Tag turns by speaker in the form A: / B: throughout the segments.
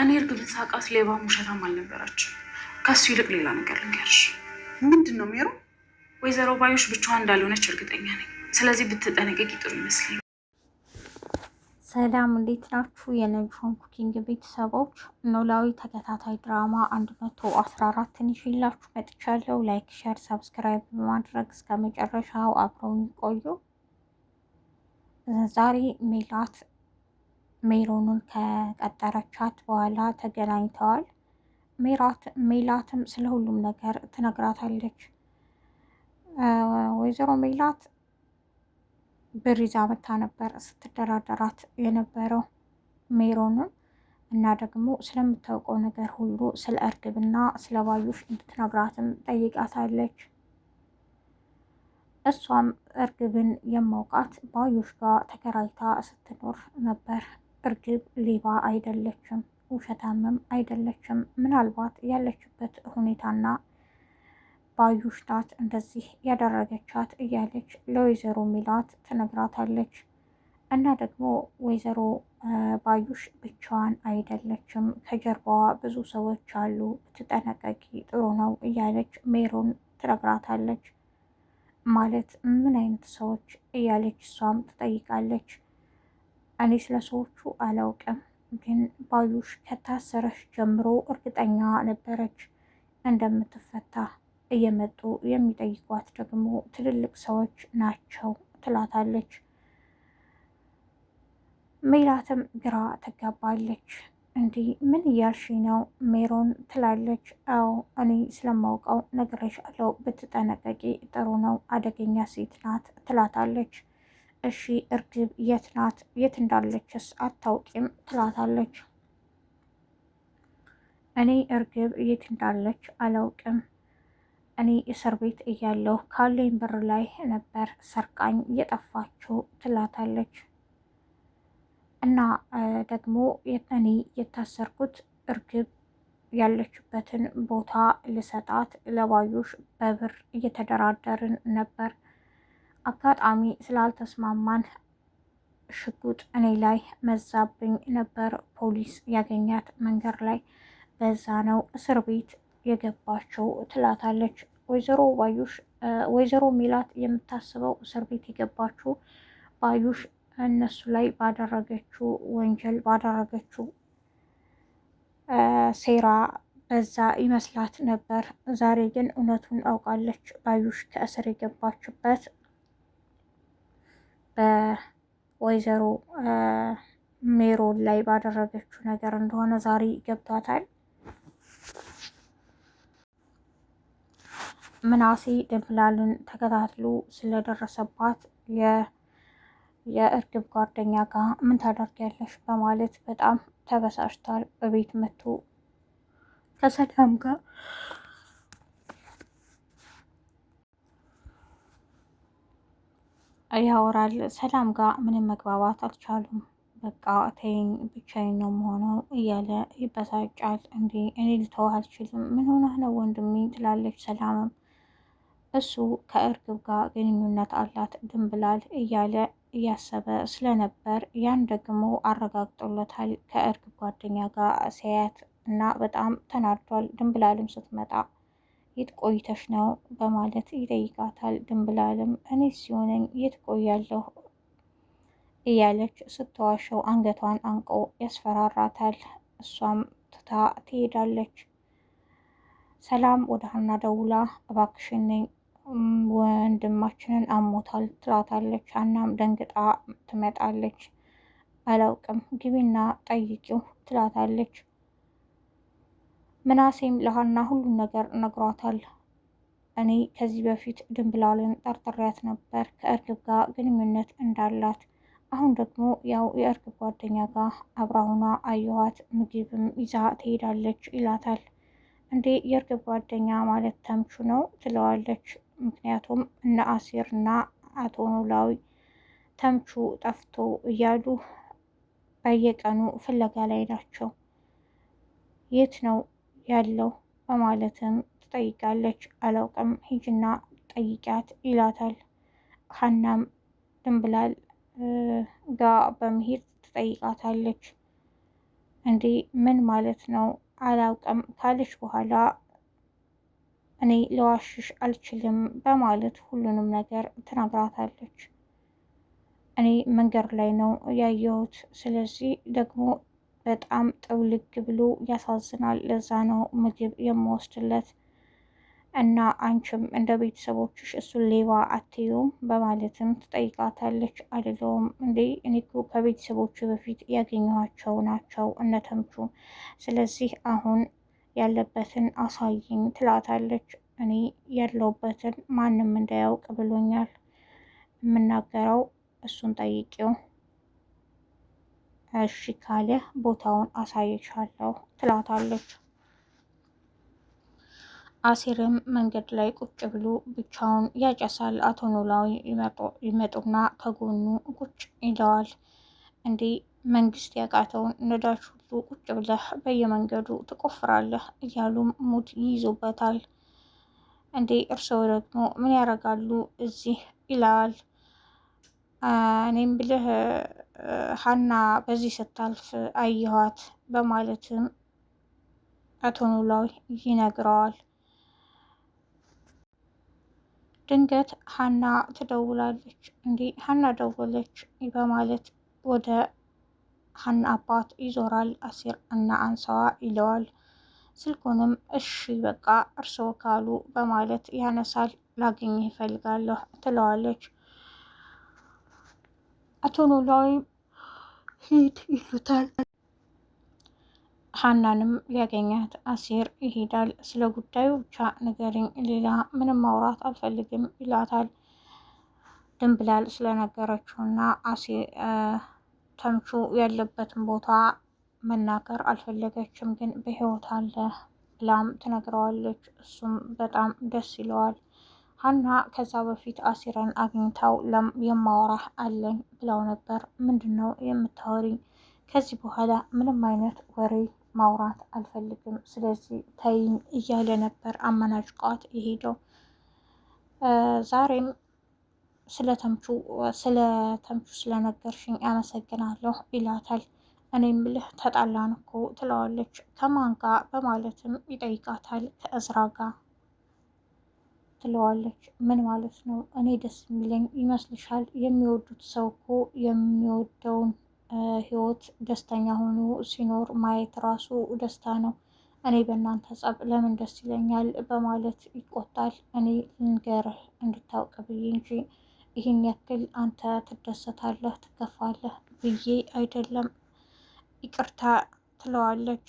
A: እኔ እርግብን ሳውቃት ሌባም ውሸታም አልነበራችም። ከሱ ይልቅ ሌላ ነገር ልንገርሽ። ምንድን ነው ሜሮ? ወይዘሮ ባዮሽ ብቻዋን እንዳልሆነች እርግጠኛ ነኝ። ስለዚህ ብትጠነቀቂ ጥሩ ይመስለኝ።
B: ሰላም እንዴት ናችሁ? የነጆን ኩኪንግ ቤተሰቦች ኖላዊ ተከታታይ ድራማ አስራ አራትን ይዤላችሁ መጥቻለሁ። ላይክ፣ ሸር፣ ሰብስክራይብ በማድረግ እስከ መጨረሻው አብረውን ይቆዩ። ዛሬ ሜላት ሜሮንን ከቀጠረቻት በኋላ ተገናኝተዋል። ሜላትም ስለ ሁሉም ነገር ትነግራታለች። ወይዘሮ ሜላት ብር ይዛ መታ ነበር ስትደራደራት የነበረው ሜሮንን እና ደግሞ ስለምታውቀው ነገር ሁሉ ስለ እርግብና ስለ ባዩሽ እንድትነግራትም ጠይቃታለች። እሷም እርግብን የማውቃት ባዩሽ ጋር ተከራይታ ስትኖር ነበር። እርግብ ሌባ አይደለችም፣ ውሸታምም አይደለችም። ምናልባት ያለችበት ሁኔታና ባዩሽ ናት እንደዚህ ያደረገቻት እያለች ለወይዘሮ ሚላት ትነግራታለች። እና ደግሞ ወይዘሮ ባዩሽ ብቻዋን አይደለችም፣ ከጀርባዋ ብዙ ሰዎች አሉ፣ ትጠነቀቂ ጥሩ ነው እያለች ሜሮን ትነግራታለች። ማለት ምን አይነት ሰዎች እያለች እሷም ትጠይቃለች። እኔ ስለሰዎቹ አላውቅም፣ ግን ባዩሽ ከታሰረች ጀምሮ እርግጠኛ ነበረች እንደምትፈታ። እየመጡ የሚጠይቋት ደግሞ ትልልቅ ሰዎች ናቸው ትላታለች። ሜላትም ግራ ትጋባለች። እንዲህ ምን እያልሽ ነው ሜሮን ትላለች። አዎ እኔ ስለማውቀው ነግሬሻለሁ፣ ብትጠነቀቂ ጥሩ ነው፣ አደገኛ ሴት ናት ትላታለች። እሺ እርግብ የት ናት? የት እንዳለችስ አታውቂም? ትላታለች። እኔ እርግብ የት እንዳለች አላውቅም። እኔ እስር ቤት እያለሁ ካለኝ ብር ላይ ነበር ሰርቃኝ የጠፋችው ትላታለች። እና ደግሞ እኔ የታሰርኩት እርግብ ያለችበትን ቦታ ልሰጣት ለባዩሽ በብር እየተደራደርን ነበር አጋጣሚ ስላልተስማማን ሽጉጥ እኔ ላይ መዛብኝ ነበር። ፖሊስ ያገኛት መንገድ ላይ በዛ ነው እስር ቤት የገባቸው ትላታለች ወይዘሮ ባዩሽ። ወይዘሮ ሚላት የምታስበው እስር ቤት የገባችው ባዩሽ እነሱ ላይ ባደረገችው ወንጀል ባደረገችው ሴራ በዛ ይመስላት ነበር። ዛሬ ግን እውነቱን አውቃለች። ባዩሽ ከእስር የገባችበት በወይዘሮ ሜሮን ላይ ባደረገችው ነገር እንደሆነ ዛሬ ገብቷታል። ምናሴ ድንብላልን ተከታትሎ ስለደረሰባት የእርግብ ጓደኛ ጋር ምን ታደርጊያለሽ በማለት በጣም ተበሳጭቷል። በቤት መጥቶ ከሰላም ጋር ያወራል። ሰላም ጋር ምንም መግባባት አልቻሉም። በቃ ተይኝ፣ ብቻዬን ነው መሆነው እያለ ይበሳጫል። እንዴ እኔ ልተው አልችልም፣ ምን ሆነህ ነው ወንድሜ ትላለች ሰላምም። እሱ ከእርግብ ጋር ግንኙነት አላት ድንብላል እያለ እያሰበ ስለነበር ያን ደግሞ አረጋግጦለታል ከእርግብ ጓደኛ ጋር ሲያያት እና በጣም ተናድቷል ድንብላልም ስትመጣ የት ቆይተሽ ነው በማለት ይጠይቃታል። ድንብላልም እኔ ሲሆነኝ የት ቆያለሁ እያለች ስትዋሸው አንገቷን አንቆ ያስፈራራታል። እሷም ትታ ትሄዳለች። ሰላም ወደ ሀና ደውላ እባክሽነኝ ወንድማችንን አሞታል ትላታለች። ሀናም ደንግጣ ትመጣለች። አላውቅም ግቢና ጠይቂው ትላታለች። ምናሴም ለሀና ሁሉን ነገር ነግሯታል። እኔ ከዚህ በፊት ድንብላልን ጠርጥሬያት ነበር ከእርግብ ጋር ግንኙነት እንዳላት። አሁን ደግሞ ያው የእርግብ ጓደኛ ጋር አብራሁና አየኋት፣ ምግብም ይዛ ትሄዳለች ይላታል። እንዴ የእርግብ ጓደኛ ማለት ተምቹ ነው ትለዋለች። ምክንያቱም እነ አሴር እና አቶ ኖላዊ ተምቹ ጠፍቶ እያሉ በየቀኑ ፍለጋ ላይ ናቸው። የት ነው ያለው በማለትም ትጠይቃለች። አላውቅም ሂጅና ጠይቂያት ይላታል። ሀናም ድንብላል ጋ በመሄድ ትጠይቃታለች። እንዴ ምን ማለት ነው አላውቅም ካለች በኋላ እኔ ለዋሽሽ አልችልም በማለት ሁሉንም ነገር ትነግራታለች። እኔ መንገድ ላይ ነው ያየሁት፣ ስለዚህ ደግሞ በጣም ጥውልግ ብሎ ያሳዝናል። ለዛ ነው ምግብ የምወስድለት እና አንቺም እንደ ቤተሰቦችሽ እሱን ሌባ አትዩም በማለትም ትጠይቃታለች። አይደለውም እንዴ እኔ እኮ ከቤተሰቦቹ በፊት ያገኘኋቸው ናቸው እነተምቹ፣ ስለዚህ አሁን ያለበትን አሳይኝ ትላታለች። እኔ ያለውበትን ማንም እንዳያውቅ ብሎኛል። የምናገረው እሱን ጠይቄው እሺ ካለ ቦታውን አሳይቻለሁ ትላታለች። አሲርም መንገድ ላይ ቁጭ ብሎ ብቻውን ያጨሳል። አቶ ኖላዊ ይመጡና ከጎኑ ቁጭ ይለዋል። እንዴ መንግስት ያቃተውን ነዳጅ ሁሉ ቁጭ ብለህ በየመንገዱ ትቆፍራለህ እያሉም ሙድ ይይዙበታል። እንዴ እርስዎ ደግሞ ምን ያደርጋሉ እዚህ ይለዋል። እኔም ብልህ ሀና በዚህ ስታልፍ አየኋት በማለትም አቶ ኖላዊ ይነግረዋል። ድንገት ሀና ትደውላለች። እንዲህ ሀና ደወለች በማለት ወደ ሀና አባት ይዞራል። አሲር እና አንሳዋ ይለዋል። ስልኩንም እሺ በቃ እርስዎ ካሉ በማለት ያነሳል። ላገኘህ እፈልጋለሁ ትለዋለች። አቶ ኖላዊም ሂድ ይሉታል። ሀናንም ሊያገኛት አሲር ይሄዳል። ስለ ጉዳዩ ብቻ ንገሪኝ፣ ሌላ ምንም ማውራት አልፈልግም ይላታል። ድንብላል ስለነገረችውና ተምቹ ያለበትን ቦታ መናገር አልፈለገችም፣ ግን በህይወት አለ ብላም ትነግረዋለች። እሱም በጣም ደስ ይለዋል። ሀና ከዛ በፊት አሲረን አግኝታው የማወራህ አለኝ ብለው ነበር። ምንድን ነው የምታወሪኝ? ከዚህ በኋላ ምንም አይነት ወሬ ማውራት አልፈልግም፣ ስለዚህ ተይኝ እያለ ነበር አመናጭቋት የሄደው። ዛሬም ስለ ተምቹ ስለ ተምቹ ስለነገርሽኝ አመሰግናለሁ ይላታል። እኔም ብልህ ተጣላን እኮ ትለዋለች። ከማን ጋር በማለትም ይጠይቃታል። ከእዝራ ጋር ትለዋለች። ምን ማለት ነው? እኔ ደስ የሚለኝ ይመስልሻል? የሚወዱት ሰው እኮ የሚወደውን ህይወት ደስተኛ ሆኖ ሲኖር ማየት ራሱ ደስታ ነው። እኔ በእናንተ ጸብ ለምን ደስ ይለኛል? በማለት ይቆጣል። እኔ ልንገርህ እንድታውቅ ብዬ እንጂ ይህን ያክል አንተ ትደሰታለህ፣ ትከፋለህ ብዬ አይደለም። ይቅርታ ትለዋለች።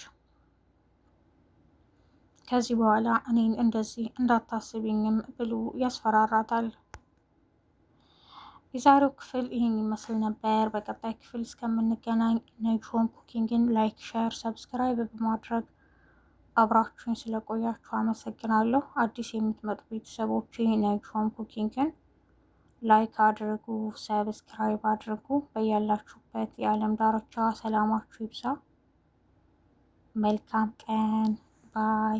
B: ከዚህ በኋላ እኔን እንደዚህ እንዳታስቢኝም ብሎ ያስፈራራታል። የዛሬው ክፍል ይህን ይመስል ነበር። በቀጣይ ክፍል እስከምንገናኝ ነጂ ኩኪንግን ላይክ፣ ሸር፣ ሰብስክራይብ በማድረግ አብራችሁን ስለቆያችሁ አመሰግናለሁ። አዲስ የምትመጡ ቤተሰቦች ነጂ ኩኪንግን ላይክ አድርጉ፣ ሰብስክራይብ አድርጉ። በያላችሁበት የዓለም ዳርቻ ሰላማችሁ ይብዛ። መልካም ቀን ባይ